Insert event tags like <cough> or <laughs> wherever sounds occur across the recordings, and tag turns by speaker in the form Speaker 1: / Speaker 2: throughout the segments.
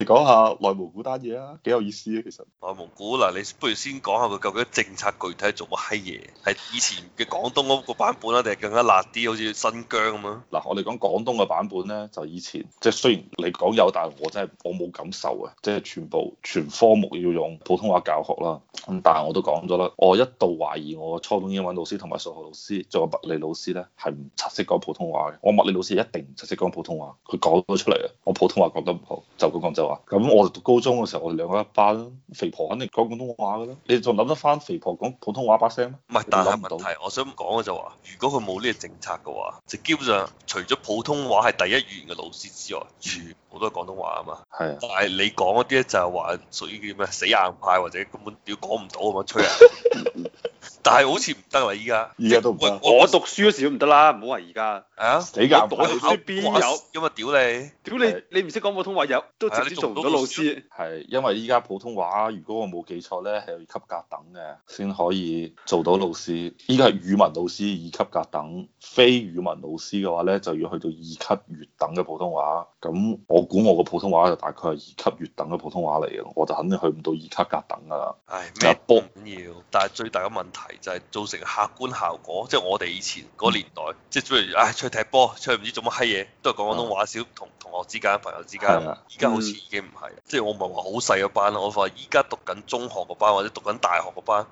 Speaker 1: 你講下內蒙古單嘢啊，幾有意思啊，其實。內蒙
Speaker 2: 古嗱，你不如先講下佢究竟政策具體做乜嘢？係以前嘅廣東嗰個版本啊，定係更加辣
Speaker 1: 啲，好似新疆咁樣？嗱，我哋講廣東嘅版本咧，就以前即係雖然你講有，但係我真係我冇感受啊！即係全部全科目要用普通話教學啦。咁但係我都講咗啦，我一度懷疑我初中英文老師同埋數學老師仲有物理老師咧係唔識講普通話嘅。我物理老師一定唔識講普通話，佢講咗出嚟啊！我普通話講得唔好，就講就講。咁我哋讀高中嘅時候，我哋兩個一班，肥婆肯定講廣東話嘅啦。你仲諗得翻肥婆講普通話把聲咩？唔係，但係不問題，我想講嘅就話，如果佢冇呢個政
Speaker 2: 策嘅話，就基本上除咗普通話係第一語言嘅老師之外，嗯、全部都係廣東話啊嘛。係是、啊就是。但係你講嗰啲咧，就係話屬於叫咩死硬派，或者根本屌講唔到咁樣，吹啊！ <laughs> 但係好似唔得喎，依家依家都唔得。我讀書嗰時都唔得啦，唔好話而家
Speaker 1: 啊！死㗎，我邊有？
Speaker 2: 因為屌你，屌你，你唔識講普通話，
Speaker 1: 有都直接做唔到老師。係因為依家普通話，如果我冇記錯咧，係有二級甲等嘅先可以做到老師。依家係語文老師，二級甲等。非語文老師嘅話咧，就要去到二級乙等嘅普通話。咁我估我個普通話就大概係二級乙等嘅普通話嚟嘅，我就肯定去唔到二級甲等㗎啦。唉，咩波
Speaker 2: 要？但係最大嘅問題。就係造成客觀效果，即係我哋以前嗰年代，即係譬如唉出去踢波，出去唔知做乜閪嘢，都係講廣東話小同同學之間、朋友之間。而家好似已經唔係，即係我唔係話好細嗰班咯。我話依家讀緊中學嗰班或者讀緊大學嗰班，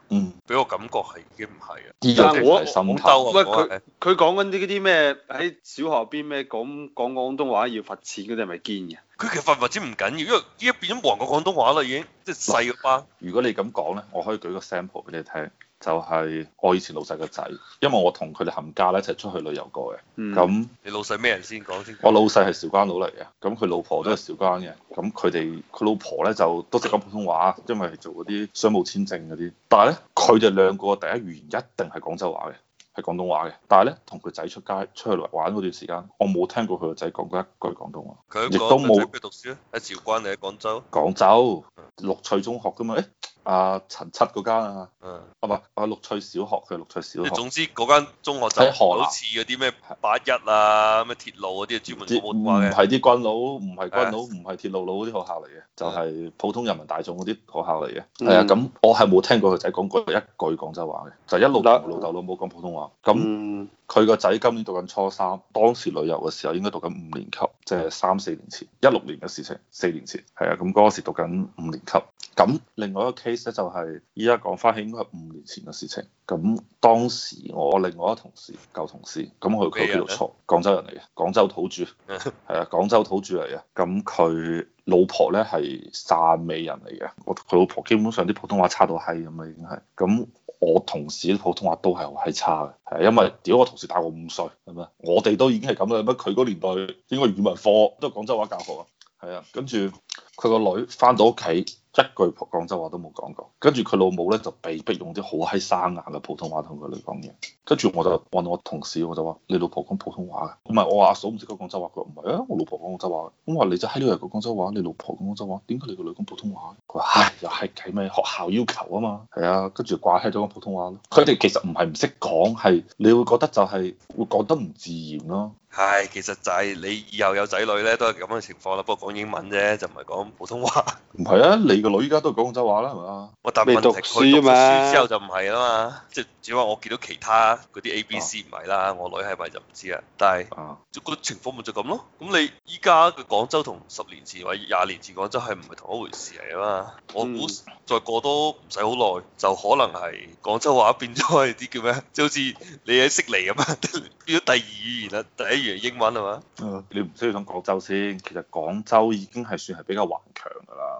Speaker 2: 俾我感覺係已經唔係啊。而家我手冇兜喂，佢佢講緊啲啲咩？喺小學邊咩講講廣東話要罰錢嗰啲係咪堅嘅？佢其實罰唔罰錢唔緊要，因為依家變咗冇人講廣東話啦，已經即係細嗰班。
Speaker 1: 如果你咁講咧，我可以舉個 sample 俾你聽。就係我以前老細個仔，因為我同佢哋冚家咧一齊出去旅遊過嘅，咁、嗯、那你老細咩人先講先？我老細係韶關佬嚟嘅，咁佢老婆都係韶關嘅，咁佢哋佢老婆咧就都識講普通話，因為做嗰啲商務簽證嗰啲，但係咧佢哋兩個第一語言一定係廣州話嘅，係廣東話嘅，但係咧同佢仔出街出去玩嗰段時間，我冇聽過佢個仔講過一句廣東話，亦一都冇。讀書喺韶關定喺廣州？廣州樂翠中學㗎嘛？欸阿陳七嗰間啊，嗯，啊唔係，阿綠翠小學，佢係綠翠小學。即係總
Speaker 2: 之嗰間中學仔，係好似嗰啲
Speaker 1: 咩八一啊，咩是的 鐵路嗰啲啊，專門講話嘅。唔係啲軍佬，唔係軍佬，唔係是的 鐵路佬嗰啲學校嚟嘅，就係、是、普通人民大眾嗰啲學校嚟嘅。係啊，咁我係冇聽過佢仔講過一句廣州話嘅，就是、一路同老豆老母講普通話。咁佢個仔今年讀緊初三，當時旅遊嘅時候應該讀緊五年級，即、就、係、是、三四年前，一六年嘅事情，四年前。係啊，咁嗰時讀緊五年級。咁另外一個 case 咧，就係依家講翻起，應該係五年前嘅事情。咁當時我另外一個同事，舊同事，咁佢佢叫做錯，廣州人嚟嘅，廣州土著，係啊， <laughs> 廣州土著嚟嘅。咁佢老婆咧，係汕尾人嚟嘅，我佢老婆基本上啲普通話差到閪咁啊，已經係。咁我同事啲普通話都係好閪差嘅，係啊，因為屌我同事大我五歲，係咪？我哋都已經係咁啦，乜佢嗰年代應該語文科，都係廣州話教學啊，係啊，跟住。佢個女翻到屋企一句廣州話都冇講過，跟住佢老母咧就被逼用啲好閪生硬嘅普通話同佢女講嘢。跟住我就問我同事，我就話：你老婆講普通話嘅？唔係我阿嫂唔識講廣州話，佢唔係啊，我老婆講廣州話。咁我話：你就喺度嚟講廣州話，你老婆講廣州話，點解你個女講普通話？佢話：唉，又係計咩學校要求啊嘛，係啊，跟住掛喺咗講普通話咯。佢哋其實唔係唔識講，係你會覺得就係、是、會講得唔自然咯、
Speaker 2: 啊。係，其實就係你以後有仔女咧，都係咁嘅情況啦。不過講英文啫，就唔係講。普通話
Speaker 1: 唔係啊，你個女依家都係
Speaker 2: 講廣州話啦，係嘛？我答係問題佢讀書啊嘛，之後就唔係啊嘛。即係只係我見到其他嗰啲 A B C 唔係啦，啊、我女係咪就唔知啊？但係啊，個情況咪就咁咯。咁你依家嘅廣州同十年前或者廿年前廣州係唔係同一回事嚟啊嘛？嗯、我估再過多唔使好耐就可能係廣州話變咗係啲叫咩？即好似你喺悉尼咁樣 <laughs> 變咗第二語言啦，第一語言係英文係嘛、
Speaker 1: 嗯？你唔需要講廣州先，其實廣州已經係算係比較強噶啦，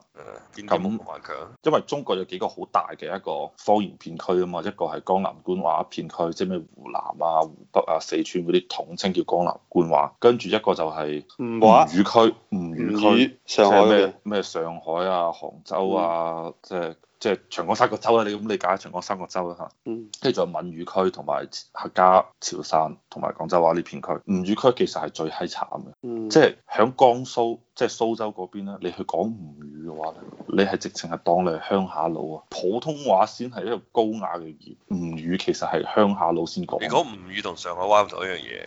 Speaker 1: 咁因為中國有幾個好大嘅一個方言片區啊嘛，一個係江南官話片區，即係咩湖南啊、湖北啊、四川嗰啲統稱叫江南官話，跟住一個就係吳語區，吳語區，即係咩咩上海啊、杭州啊，即係。即係長江三角洲咧，你咁理解長江三角洲啦嚇。嗯。跟住仲有閩語區同埋客家潮、潮汕同埋廣州話呢片區，吳語區其實係最係慘嘅。
Speaker 2: 即係喺
Speaker 1: 江蘇，即係蘇州嗰邊，你去講吳語嘅話，你係直情係當你係鄉下佬啊！普通話先係一個高雅嘅語言，吳語其實係鄉下佬先講。如果吳語同上海話唔同一樣嘢？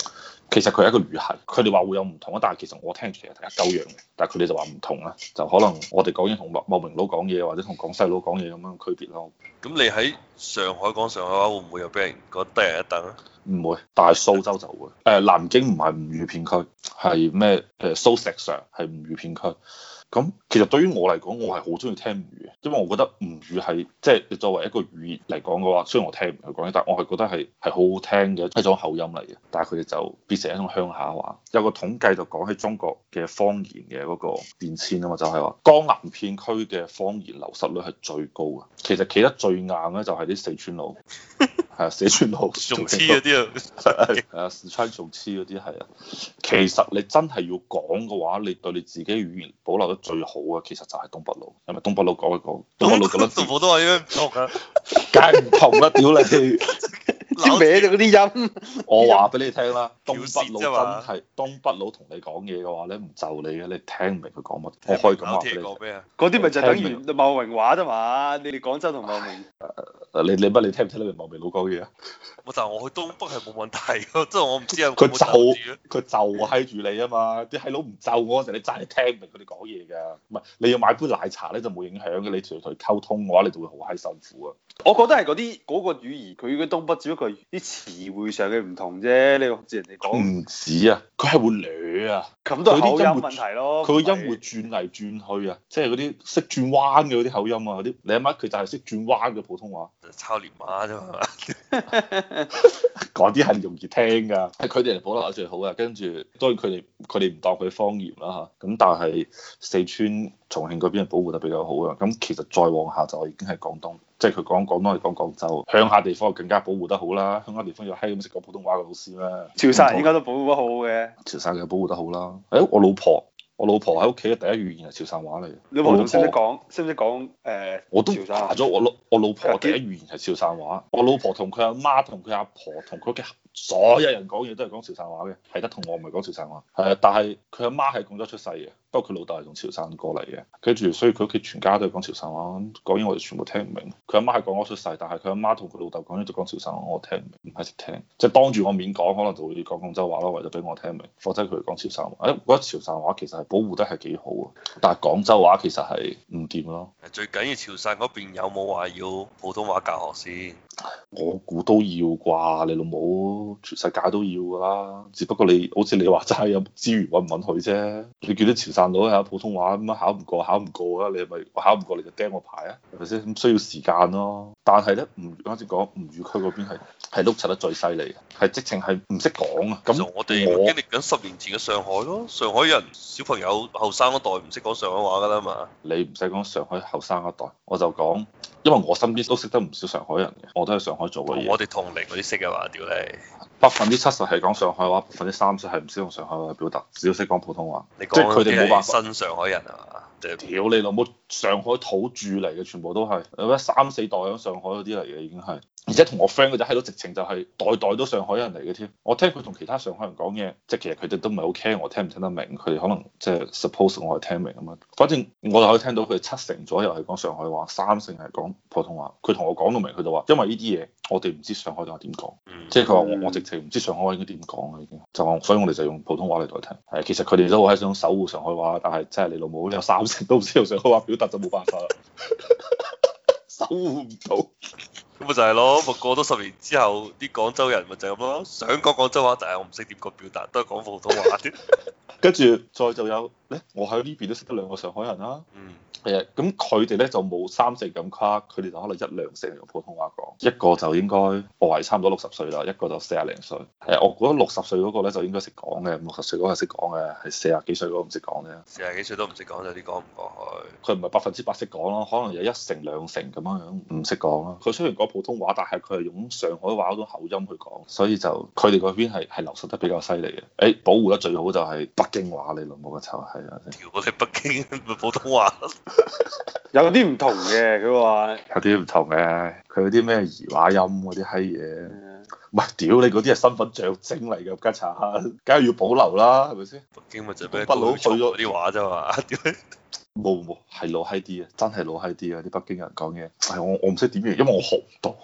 Speaker 1: 其實佢係一個語核，佢哋話會有唔同啊，但係其實我聽住其實係鳩樣嘅，但係佢哋就話唔同啦，就可能我哋講嘢同茂名佬講嘢或者同廣西佬講嘢有乜嘢區別咯。咁你
Speaker 2: 喺上海講上海話會唔會有俾人覺得低人一等啊？
Speaker 1: 唔會，但係蘇州就會。誒、嗯呃，南京唔係吳語片區，係咩？誒、呃，蘇錫常係吳語片區。咁其實對於我嚟講，我係好中意聽吳語，因為我覺得吳語係即係作為一個語言嚟講嘅話，雖然我聽唔嚟講嘢，但係我係覺得係係好好聽嘅一種口音嚟嘅。但係佢哋就變成一種鄉下話。有個統計就講起中國嘅方言嘅嗰個變遷啊嘛，就係話江南片區嘅方言流失率係最高嘅。其實企得最硬咧，就係啲四川佬。 <laughs> 四川啊，寫串好仲黐嗰啲，係啊， <laughs> 四川黐嗰啲係啊。其實你真係要講嘅話，你對你自己語言保留得最好嘅，其實就係東北佬。係咪東北佬講一講，東北佬咁多字，我都話梗係唔同啦！屌 <laughs> 你！先歪咗嗰啲音。 <laughs> 我話俾你聽啦，東北佬真係東北佬同你講嘢嘅話咧，唔就你嘅，你聽唔明佢講乜。我可以咁話你。
Speaker 2: 嗰啲咪就等於
Speaker 1: 茂名話啫嘛？你哋廣州同茂名。你你乜？你聽唔聽得明茂名佬講嘢啊？我就係我去東北係冇問題，即係我唔知有冇。佢就佢就閪住你啊嘛！啲閪佬唔就我嗰陣，你真係聽唔明佢哋講嘢㗎。唔係你要買杯奶茶咧就冇影響嘅，你同佢溝通嘅話，你就會好閪辛苦啊！我覺得係嗰啲嗰個語言，佢喺東北只不過。啲詞彙上嘅唔同啫，呢個好似人哋講。唔止啊，佢係會濾啊。咁都係啲口音問題咯，佢個音會轉嚟轉去啊，是即係嗰啲識轉彎嘅嗰啲口音啊，嗰啲你阿媽佢就係識轉彎嘅普通話，抄黏碼啫嘛，嗰啲係容易聽噶，係佢哋嚟保留係最好啊。跟住當然佢哋佢哋唔當佢方言啦嚇，咁但係四川、重慶嗰邊係保護得比較好啊。咁其實再往下就已經係廣東，即係佢講廣東係講，講，講廣州，鄉下地方更加保護得好啦，鄉下地方有閪咁識講普通話嘅老師咩？潮汕應該都保護得好嘅，潮汕就保護得好啦。誒、哎，我老婆，我老婆喺屋企嘅第一語言係潮汕話嚟。你老婆識唔識講？識唔識講？誒，是是呃、我都查咗我老我老婆第一語言係潮汕話。實我老婆同佢阿媽、同佢阿婆、同佢屋企所有人講嘢都係講潮汕話嘅，係得同我唔係講潮汕話。係啊，但係佢阿媽係廣州出世嘅。不過佢老豆係從潮汕過嚟嘅，跟住所以佢屋企全家都係講潮汕話，講完我哋全部聽唔明。佢阿媽係講我出世，但係佢阿媽同佢老豆講完就講潮汕話，我聽唔明，唔係直聽，即係當住我面講，可能就會講廣州話咯，為咗俾我聽明。或者佢講潮汕話，誒，覺得潮汕話其實係保護得係幾好啊，但係廣州話其實係唔掂咯。
Speaker 2: 最緊要潮汕嗰邊有冇話要普通話教
Speaker 1: 學先？我估都要啩，你老母全世界都要噶啦，只不過你好似你話齋有資源允唔允許啫？你叫啲潮汕佬考普通話咁啊，考唔過考唔過啊？你係咪考唔過你就釘我牌啊？係咪先？咁需要時間咯，但係咧唔啱先講，吳語區嗰邊係係碌柒得最犀利嘅，係直情係唔識講啊！咁我哋經
Speaker 2: 歷緊十年前嘅上海咯，上海人小朋友後生一代唔識講上
Speaker 1: 海話噶啦嘛，你唔使講上海後生一代，我就講，因為我身邊都識得唔少上海人嘅，我。我都喺上海做嘅我哋同齡嗰啲識啊嘛，屌你！百分之七十係講上海話，百分之三十係唔識用上海話表達，只要識講普通話。你講即係佢哋冇話新上海人啊嘛，屌你老母！上海土著嚟嘅，全部都係有三四代喺上海嗰啲嚟嘅已經係，而且同我 friend 佢就喺度直情就係代代都上海人嚟嘅添。我聽佢同其他上海人講嘢，即係其實佢哋都唔係好 care 我聽唔聽得明，佢哋可能即係 suppose 我係聽明咁樣。反正我就可以聽到佢七成左右係講上海話，三成係講普通話。佢同我講到明，佢就話因為呢啲嘢我哋唔知上海話點講，即係佢話我直情唔知上海話應該點講已經，就話所以我哋就用普通話嚟代替。係，其實佢哋都好係想守護上海話，但係即係你老母你有三成都唔知道上海話表。 <laughs> 不就冇辦法啦，收唔到，
Speaker 2: 咁咪就係咯，咪過咗十年之後，啲廣州人咪就係咁咯，想講廣州話，就係，但係我唔識點
Speaker 1: 個表達，都係講普通話。 <laughs> 跟住再就有咧，我喺呢邊都識得兩個上海人啦。嗯。係啊，咁佢哋咧就冇三成咁誇，佢哋就可能一兩成用普通話講。一個就應該我係差唔多六十歲啦，一個就四廿零歲。係我覺得六十歲嗰個咧就應該識講嘅，六十歲嗰個識講嘅，係四廿幾歲嗰個唔識講嘅。四廿幾歲都唔識講，有啲講唔過去。佢唔係百分之百識講咯，可能有一成兩成咁樣樣唔識講咯。佢雖然講普通話，但係佢係用上海話嗰種口音去講。所以就佢哋嗰邊係係流失得比較犀利嘅。誒、哎，保護得最好就係北京話嚟咯，冇就係、係。如果係北京咪普通話，有啲唔同嘅，佢話有啲唔同嘅。佢嗰啲咩兒化音嗰啲閪嘢，唔係屌你嗰啲係身份象徵嚟㗎，家查下梗係要保留啦，
Speaker 2: 係咪先？北京
Speaker 1: 咪就係北佬嘴咗啲話啫嘛，點解？冇冇，係老閪啲嘅，真係老閪啲啊！啲北京人講嘢，係我我唔識點嘅，因為我學唔到， <laughs>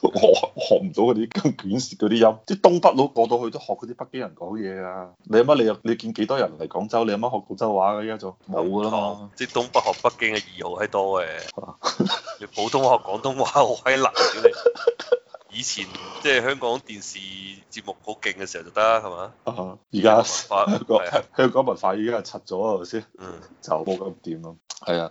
Speaker 1: 我學唔到嗰啲捲舌嗰啲音，啲 <laughs> 東北佬過到去都學嗰啲北京人講嘢啊！你阿媽你又你，你，你，你，你見幾多人嚟廣州？你阿媽學廣州話嘅依家就冇啦嘛！
Speaker 2: 即東北學北京嘅兒好閪多嘅。你普通話廣東話好閪難，你以前即係香港電視節目好勁嘅時候就得啦，係嘛
Speaker 1: 在？而家法國香港文化已而家拆咗，嗯、啊，先嗯，就冇咁掂咯。
Speaker 2: 係啊。